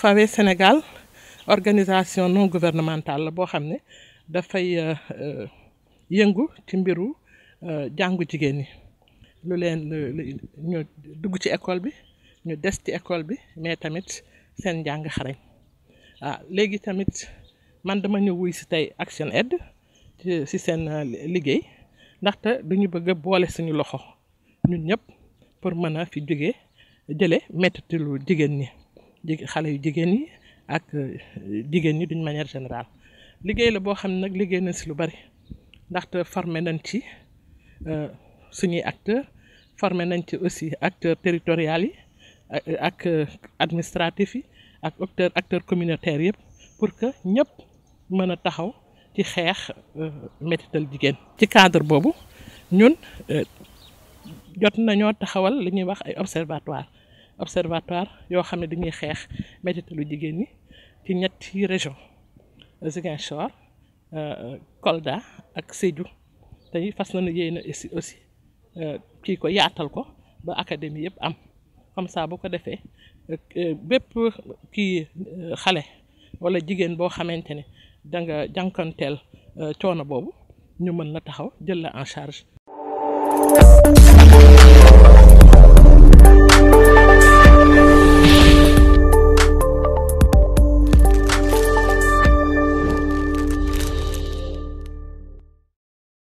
FAWE Sénégal organisation non gouvernementale la boo xam ne dafay euh, euh, yëngu ci mbiru euh, jangu jigéen ñi lu len ñu dugg ci école bi ñu dess ci école bi mais tamit sen jang xarañ ah légui tamit man dama ñu wuy ci tay Action Aid ci seen ndax ta duñu bëgg boole suñu loxo ñun ñep pour mëna fi jëlé metti lu jigen ni xalé yu jigéen yi ak euh, jigéen ñi d'une manière générale liggéey la boo xam ne nag liggéey nañ si lu bari ndaxte formé nañ ci euh, suñuy acteur formé nañ ci aussi acteur territoriaux euh, yi ak administratif yi ak acteur acteur communautaire yëpp pour que ñëpp mën a taxaw ci xeex métital jigéen. ci cadre boobu ñun jot nañoo taxawal li ñuy wax ay observatoire observatoire yoo xam ne dañuy xeex métitalu jigéen ñi ci ñetti région Ziguinchor euh, Kolda ak Sédhiou tey fas nañu yéene aussi aussi euh, kii ko yaatal ko ba académie yëpp am comme ça bu ko defee euh, bépp kii xale wala jigéen boo xamante ne da nga jànkonteel coono boobu ñu mën la taxaw jël la en charge